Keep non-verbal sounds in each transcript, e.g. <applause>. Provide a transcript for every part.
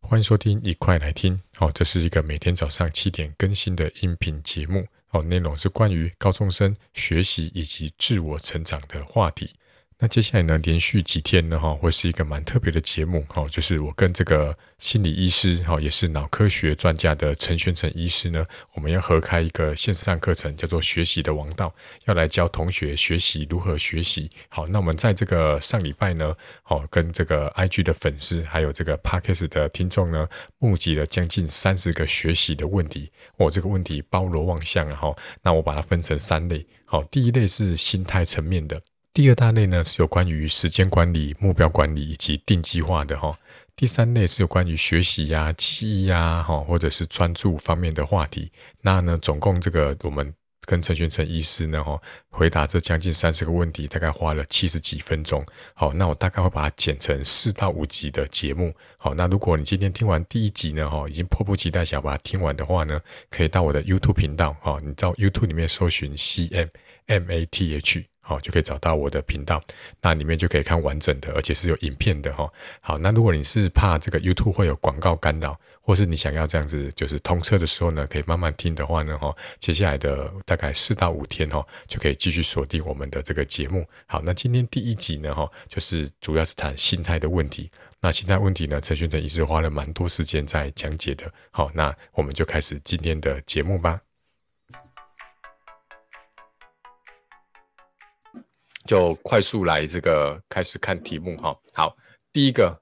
歡迎收聽，一塊來聽哦。這是一個每天早上七點更新的音頻節目哦，內容是關於高中生學習以及自我成長的話題。那接下來呢，連續幾天呢，哈，會是一個蠻特別的節目，哈，就是我跟這個心理醫師，哈，也是腦科學專家的陳璿丞醫師呢，我們要合開一個線上課程，叫做《學習的王道》，要來教同學學習如何學習。好，那我們在這個上禮拜呢，哦，跟這個 IG 的粉絲，還有這個 Podcast 的聽眾呢，募集了將近三十個學習的問題，我、哦、這個問題包羅萬象啊，哈，那我把它分成三類，好，第一類是心態層面的。第二大類呢，是有關於時間管理、目標管理以及定計劃的哈、哦。第三類是有關於學習呀、啊、記憶呀哈，或者是專注方面的話題。那呢，總共這個我們跟陳璿丞醫師呢哈，回答這將近三十個問題，大概花了七十幾分鐘。好，那我大概會把它剪成四到五集的節目。好，那如果你今天聽完第一集呢哈，已經迫不及待想要把它聽完的話呢，可以到我的 YouTube 頻道哈，你到 YouTube 裡面搜尋 CMMATH。A T H 好、哦，就可以找到我的頻道，那裡面就可以看完整的，而且是有影片的哈、哦。好，那如果你是怕這個 YouTube 會有廣告干擾，或是你想要這樣子就是通車的時候呢，可以慢慢聽的話呢，哈、哦，接下來的大概四到五天哈、哦，就可以繼續鎖定我們的這個節目。好，那今天第一集呢，哈、哦，就是主要是談心態的問題。那心態問題呢，陳璿丞也是花了蠻多時間在講解的。好、哦，那我們就開始今天的節目吧。就快速來這個開始看題目哈。好，第一個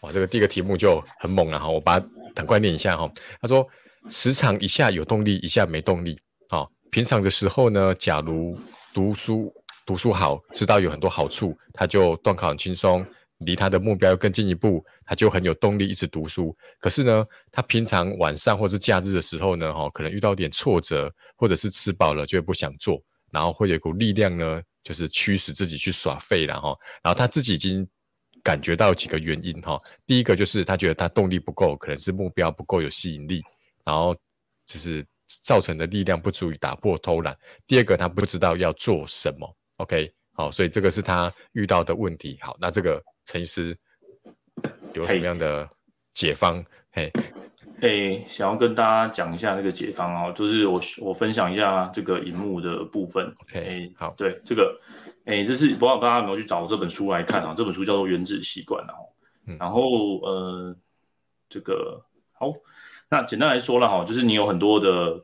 哇，這個第一個題目就很猛了哈。我把它趕快念一下哈。他說：時常一下有動力，一下沒動力。啊，平常的時候呢，假如讀書讀書好，知道有很多好處，他就段考很輕鬆，離他的目標更進一步，他就很有動力一直讀書。可是呢，他平常晚上或是假日的時候呢，哈，可能遇到點挫折，或者是吃飽了就不想做，然後會有一股力量呢。就是驅使自己去耍廢了哈，然後他自己已經感覺到幾個原因哈。第一個就是他覺得他動力不夠，可能是目標不夠有吸引力，然後就是造成的力量不足以打破偷懶。第二個他不知道要做什麼，OK？好，哦，所以這個是他遇到的問題。好，那這個陳醫師有什麼樣的解方？嘿。嘿哎、欸，想要跟大家講一下這個解方哦，就是我我分享一下這個熒幕的部分。OK，、欸、好，對這個，哎、欸，這是不知道大家有沒有去找這本書來看啊？ <coughs> 這本書叫做《原子習慣》然後，然後呃，這個好，那簡單來說了哈，就是你有很多的，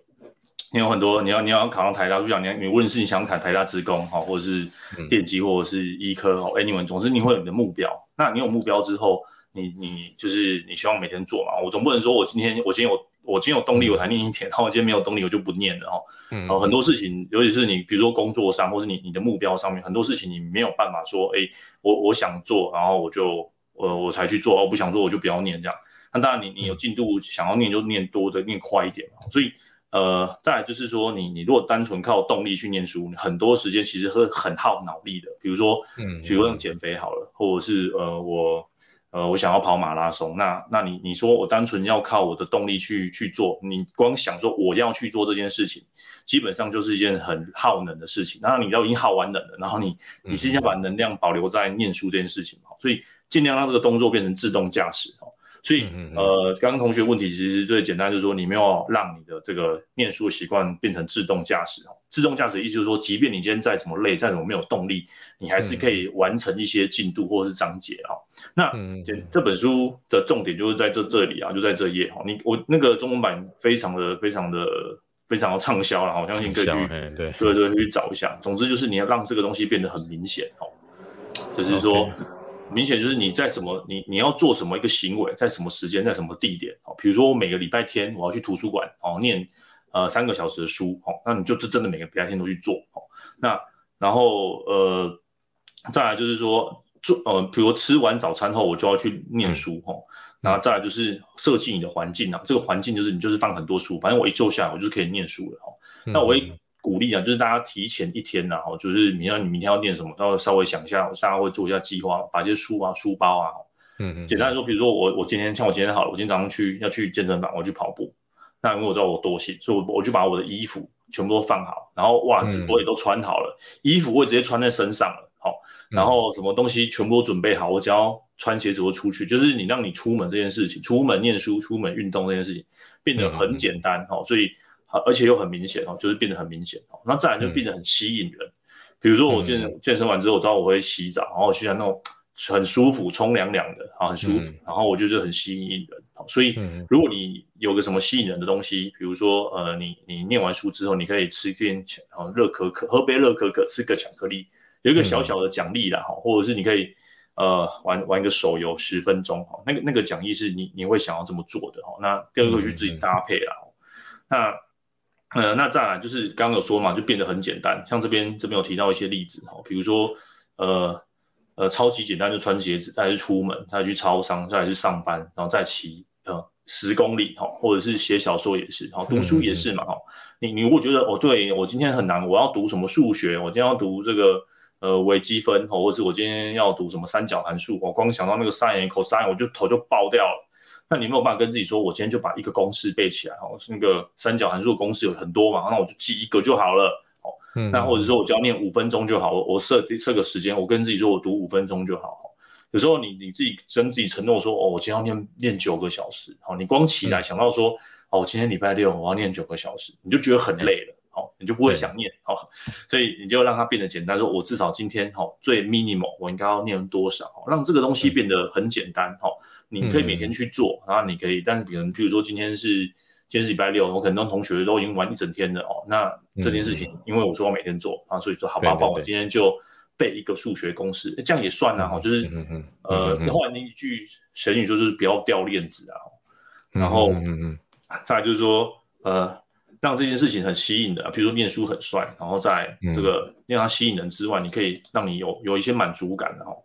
你有很多你要你要考上台大，就像你你無論是你想考台大職工哈，或者是電機或者是醫科哈，哎你們， <coughs> anyway, 總之你會有你的目標。那你有目標之後。你你就是你希望每天做嘛。我總不能說我今天，我今天有，我今天有動力我才念一天，然後我今天沒有動力我就不念了哈、哦。然後、嗯呃、很多事情，尤其是你比如說工作上，或是你你的目標上面，很多事情你沒有辦法說，哎、欸，我我想做，然後我就呃我才去做，哦，不想做我就不要念這樣。那當然你你有進度想要念就念多的，念快一點嘛。所以呃，再來就是說你你如果單純靠動力去念書，你很多時間其實是很耗腦力的。比如說嗯，比如說減肥好了，嗯、或者是呃我。呃，我想要跑馬拉松，那那你你說我單純要靠我的動力去去做，你光想說我要去做這件事情，基本上就是一件很耗能的事情。那你都已經耗完能了，然後你你是先把能量保留在念書這件事情、嗯、所以盡量讓這個動作變成自動駕駛哦。所以，呃，剛剛同學問題其實最簡單，就是說你沒有讓你的這個念書習慣變成自動駕駛。自動駕駛意思就是說，即便你今天再怎麼累，再怎麼沒有動力，你還是可以完成一些進度或者是章節啊、嗯哦。那這、嗯、這本書的重點就是在這這裡啊，就在這頁哈。你我那個中文版非常的非常的非常的暢銷了，我相信各位可以去對對對去找一下。總之就是你要讓這個東西變得很明顯哦，就是說。Okay. 明顯就是你在什麼，你你要做什麼一個行為，在什麼時間，在什麼地點哦？比如說我每個禮拜天我要去圖書館哦念呃三個小時的書哦，那你就真真的每個禮拜天都去做哦。那然後呃，再來就是說做呃，比如吃完早餐後我就要去念書、嗯、哦那。然後再來就是設計你的環境啊，這個環境就是你就是放很多書，反正我一坐下來我就是可以念書了、嗯、哦。那我一鼓勵啊，就是大家提前一天然、啊、吼，就是你要你明天要念什麼，要稍微想一下，我下會做一下計劃，把一些書啊、書包啊，嗯，嗯，簡單來說，比如說我我今天像我今天好了，我今天早上去要去健身房，我去跑步，那因為我知道我多心，所以我我就把我的衣服全部都放好，然後襪子我也都穿好了，嗯嗯衣服我也直接穿在身上了，好，然後什麼東西全部都準備好，我只要穿鞋子我出去，就是你讓你出門這件事情，出門念書、出門運動這件事情變得很簡單，好、嗯嗯哦，所以。好，而且又很明顯哦，就是變得很明顯哦。那自然就變得很吸引人，比、嗯、如說我健身、嗯、健身完之後，我知道我會洗澡，然後去那種很舒服、沖涼涼的，啊，很舒服，嗯、然後我就是很吸引人。所以，嗯、如果你有個什麼吸引人的東西，比如說呃，你你念完書之後，你可以吃一點巧熱可可，喝杯熱可可，吃個巧克力，有一個小小的獎勵啦，後、嗯、或者是你可以呃玩玩個手遊十分鐘，哈，那個那個獎勵是你你會想要這麼做的，哈。那第二個去自己搭配啦，嗯、那。呃，那再來就是剛剛有說嘛，就變得很簡單。像這邊這邊有提到一些例子哈，比如說，呃呃，超級簡單就穿鞋子，再去出門，再去超商，再去上班，然後再騎呃十公里哈，或者是寫小說也是，哈，讀書也是嘛哈。嗯嗯嗯，你你如果覺得哦對，我今天很難，我要讀什麼數學，我今天要讀這個呃微積分哈，哦，或者我今天要讀什麼三角函數，我光想到那個 sin、cosine，我就頭就爆掉了。那你沒有辦法跟自己說，我今天就把一個公式背起來哦，那個三角函數公式有很多嘛，那我就記一個就好了哦。嗯、那或者說我就要念五分鐘就好，我我設定設個時間，我跟自己說我讀五分鐘就好、哦。有時候你你自己跟自己承諾說，哦，我今天要念念九個小時，好、哦，你光起來想到說，嗯、哦，我今天禮拜六我要念九個小時，你就覺得很累了，好、嗯哦，你就不會想念，好、嗯哦，所以你就讓它變得簡單，說我至少今天哈、哦、最 minimal、um、我應該要念多少、哦，讓這個東西變得很簡單，好、嗯。哦你可以每天去做，嗯、然後你可以，但是比如，譬如說今天是今天是禮拜六，我可能同學都已經玩一整天了哦。那這件事情，因為我說我每天做，嗯、啊，所以說好吧，對對對我今天就背一個數學公式，這樣也算了、啊、哈、哦。就是，嗯、呃，換、嗯、一句成語，就是不要掉鏈子啊、哦。嗯、然後，嗯嗯、再來就是說，呃，讓這件事情很吸引的，比如說念書很帥，然後在這個、嗯、讓它吸引人之外，你可以讓你有有一些滿足感哦。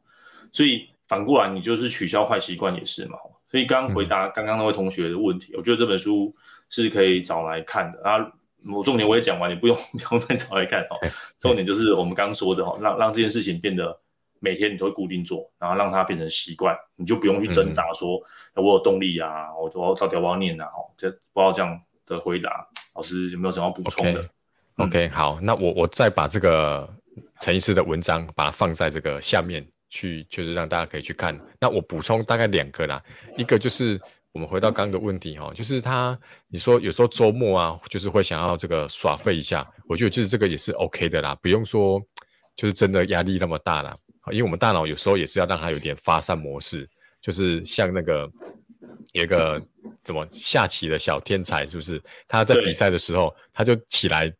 所以。反過來，你就是取消壞習慣也是嘛。所以剛回答剛剛那位同學的問題，嗯、我覺得這本書是可以找來看的。啊我重點我也講完，你不用不用再找來看哦。Okay, 重點就是我們剛剛說的哦，讓讓這件事情變得每天你都會固定做，然後讓它變成習慣，你就不用去掙扎說、嗯、我有動力啊，我我到底要不要念啊？哦，這不要這樣的回答。老師有沒有想要補充的？OK, okay、嗯、好，那我我再把這個陳醫師的文章把它放在這個下面。去，就是讓大家可以去看。那我補充，大概兩個啦，一個就是我們回到剛剛的問題哈、喔，就是他你說有時候周末啊，就是會想要這個耍廢一下，我覺得就是這個也是 OK 的啦，不用說就是真的壓力那麼大啦，因為我們大腦有時候也是要讓它有點發散模式，就是像那個有一個怎麼下棋的小天才是不是？他在比賽的時候對他就起來。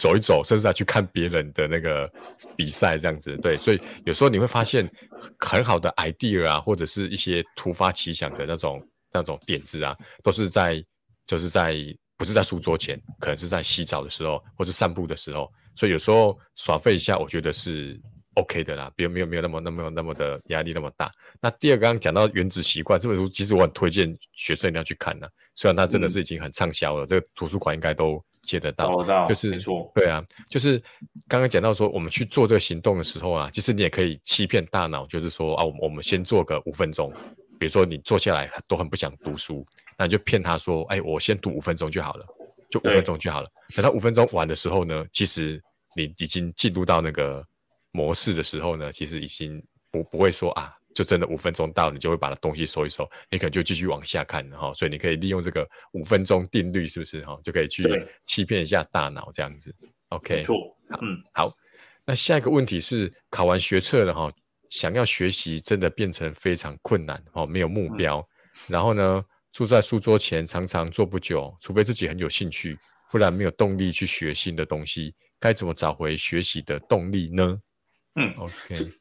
走一走，甚至要去看別人的那個比賽，這樣子對。所以有時候你會發現很好的 idea 啊，或者是一些突發奇想的那種那種點子啊，都是在就是在不是在書桌前，可能是在洗澡的時候，或是散步的時候。所以有時候耍廢一下，我覺得是 OK 的啦，別沒有沒有那麼那麼那麼的壓力那麼大。那第二個剛剛講到《原子習慣》這本書，其實我很推薦學生一定要去看呢、啊。雖然它真的是已經很暢銷了，嗯、這個圖書館應該都。接得到，就是沒錯，對啊，就是剛剛講到說，我們去做這個行動的時候啊，其實你也可以欺騙大腦，就是說啊我，我們先做個五分鐘，比如說你坐下來都很不想讀書，那你就騙他說，哎、欸，我先讀五分鐘就好了，就五分鐘就好了。等，對，到五分鐘完的時候呢，其實你已經進入到那個模式的時候呢，其實已經不不會說啊。就真的五分鐘到，你就會把它東西收一收，你可能就繼續往下看，然、哦、後，所以你可以利用這個五分鐘定律，是不是哈、哦？就可以去欺騙一下大腦這樣子。對 OK，沒錯，嗯好，好。那下一個問題是，考完學測了哈，想要學習真的變成非常困難哦，沒有目標，嗯、然後呢，坐在書桌前常常坐不久，除非自己很有興趣，不然沒有動力去學新的東西，該怎麼找回學習的動力呢？嗯，OK。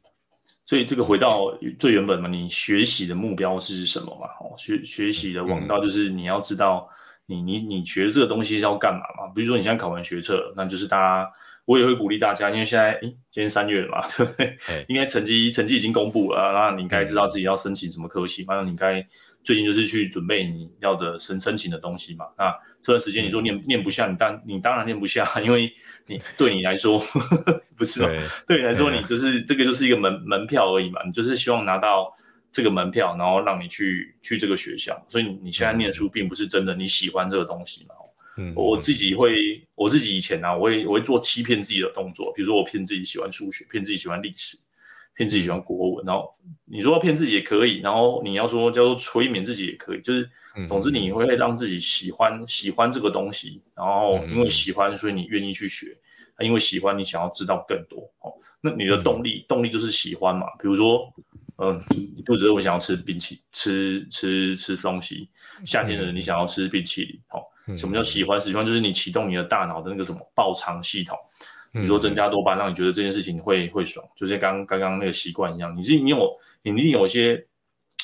所以這個回到最原本嘛，你學習的目標是什麼嘛？哦，學學習的王道就是你要知道。你你你學這個東西是要幹嘛嘛？比如說你現在考完學測，那就是大家，我也會鼓勵大家，因為現在，哎、欸，今天三月了嘛，對不對？欸、應該成績成績已經公布了，那你應該知道自己要申請什麼科系，反正、嗯、你該最近就是去準備你要的申申請的東西嘛。那這段時間你說念、嗯、念不下，你當你當然念不下，因為你、嗯、對你來說呵呵不是，對，對你來說你就是、嗯、這個就是一個門門票而已嘛，你就是希望拿到。這個門票，然後讓你去去這個學校，所以你現在念書並不是真的你喜歡這個東西嘛？嗯，我自己會，我自己以前啊，我也我會做欺騙自己的動作，比如說我騙自己喜歡數學，騙自己喜歡歷史，騙自己喜歡國文。嗯、然後你說騙自己也可以，然後你要說叫做催眠自己也可以，就是總之你會讓自己喜歡、嗯、喜歡這個東西，然後因為喜歡，所以你願意去學，因為喜歡你想要知道更多。那你的動力、嗯、動力就是喜歡嘛？比如說。嗯，呃、你肚子我想要吃冰淇淋，吃吃吃東西。夏天的人你想要吃冰淇淋，好，嗯哦。什麼叫喜歡？喜歡就是你啟動你的大腦的那個什麼報償系統，比如說增加多巴胺，讓你覺得這件事情會會爽，就像剛剛剛那個習慣一樣。你是你有，你一定有一些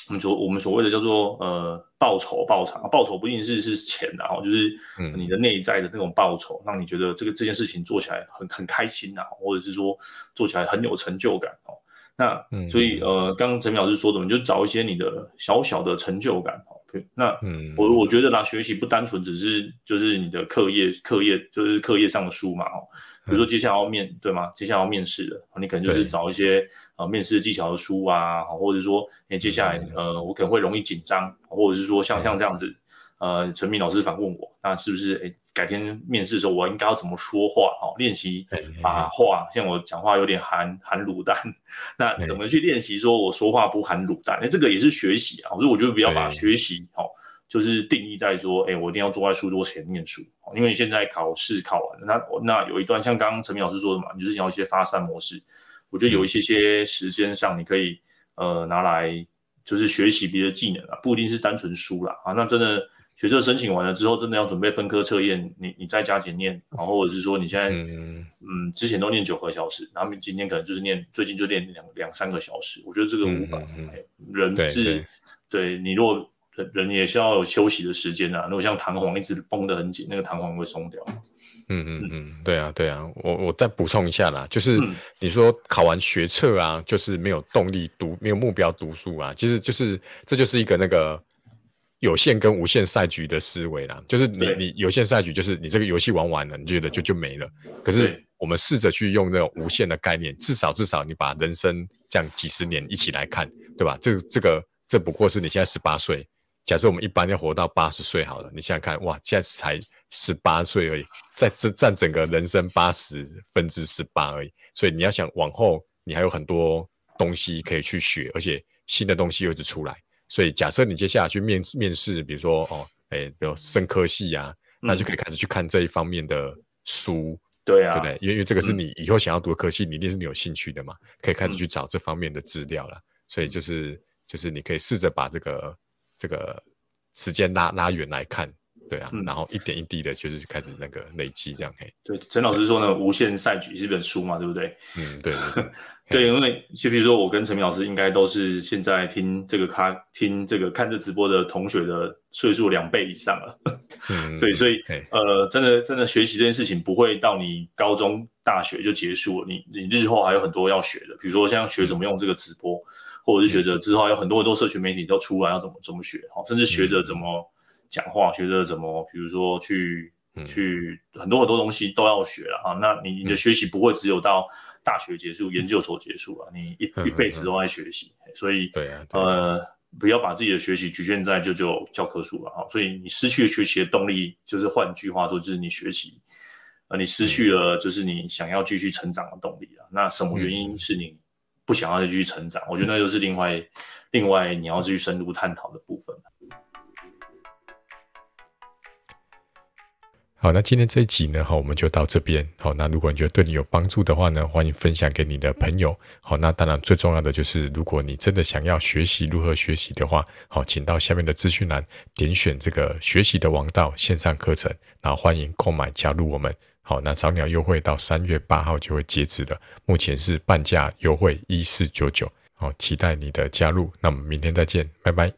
我們所我們所謂的叫做呃報酬報償、啊、報酬不一定是是錢的哦，就是你的內在的那種報酬，讓你覺得這個這件事情做起來很很開心吶，或者是說做起來很有成就感哦。那，所以呃，嗯嗯、剛剛陳明老師說的，你就找一些你的小小的成就感哦。那，嗯、我我覺得啦，學習不單純只是就是你的課業，課業就是課業上的書嘛。哦，比如說接下來要面、嗯、對嗎？接下來要面試的，你可能就是找一些啊對、呃、面試技巧的書啊，或者是說你、欸、接下來、嗯、呃，我可能會容易緊張，或者是說像、嗯、像這樣子。呃，陳明老師反問我，那是不是哎、欸，改天面試的時候我應該要怎麼說話？哦、喔，練習把話，欸欸欸像我講話有點含含滷蛋，那怎麼去練習說我說話不含滷蛋？那、欸欸、這個也是學習啊。我說我覺得不要把學習哦、欸喔，就是定義在說，哎、欸，我一定要坐在書桌前念書、喔。因為你現在考試考完，那那有一段像剛剛陳明老師說的嘛，你就是要一些發散模式。我覺得有一些些時間上你可以、嗯、呃拿來就是學習別的技能啊，不一定是單純書啦啊。那真的，學測申請完了之後，真的要準備分科測驗，你你再加緊念，然後或者是說你現在，嗯，嗯之前都念九個小時，然後今天可能就是念，最近就念兩兩三個小時，我覺得這個無法，嗯嗯嗯、人是對、對、對你如果人也需要有休息的時間啊，如果像彈簧一直繃得很緊，那個彈簧會鬆掉。嗯嗯嗯，嗯嗯對啊對啊，我我再補充一下啦，就是你說考完學測啊，就是沒有動力讀，沒有目標讀書啊，其實就是這就是一個那個。有限跟無限賽局的思維啦，就是你你有限賽局，就是你這個遊戲玩完了，你覺得就就沒了。可是我們試着去用那種無限的概念，至少至少你把人生這樣幾十年一起來看，對吧？這這個這不過是你現在十八歲。假設我們一般要活到八十歲好了，你想想看哇，現在才十八歲而已，在這占整個人生八十分之十八而已。所以你要想往後，你還有很多東西可以去學，而且新的東西又一直出來。所以，假設你接下來去面面試，比如說哦、欸，比如生科系啊，嗯、那就可以開始去看這一方面的書，對啊，對不對？因為這個是你以後想要讀的科系，嗯、你一定是你有興趣的嘛，可以開始去找這方面的資料了。嗯、所以就是就是你可以試着把這個這個時間拉拉遠來看，對啊，嗯、然後一點一滴的就是開始那個累積這樣嘿。對，陳對老師說呢，對《無限賽局》是本書嘛，對不對？嗯，對、對、對。 <laughs> 對，因為就比如說我跟陳明老師，應該都是現在聽這個咖、聽這個、看這直播的同學的歲數兩倍以上了。嗯、 <laughs> 所以所以、嗯、呃，真的真的學習這件事情不會到你高中、大學就結束了，你你日後還有很多要學的，比如說像學怎麼用這個直播，嗯、或者是學着之後有很多很多社群媒體都出來要怎麼怎麼學，嗯、甚至學着怎麼講話，學着怎麼比如說去。去很多很多東西都要學了啊，那你你的學習不會只有到大學結束、研究所結束啊，你一一輩子都在學習，所以對呃，不要把自己的學習局限在就就教科書了啊，所以你失去了學習的動力，就是換句話說就是你學習啊，你失去了就是你想要繼續成長的動力了，那什麼原因是你不想要繼續成長？我覺得那就是另外另外你要去深入探討的部分了。好，那今天這一集呢，好，我們就到這邊。好，那如果你覺得對你有幫助的話呢，歡迎分享給你的朋友。好，那當然最重要的就是，如果你真的想要學習如何學習的話，好，請到下面的資訊欄點選這個“學習的王道”線上課程，然後歡迎購買加入我們。好，那早鳥優惠到三月八號就會截止的，目前是半價優惠一四九九。好，期待你的加入。那我們明天再見，拜拜。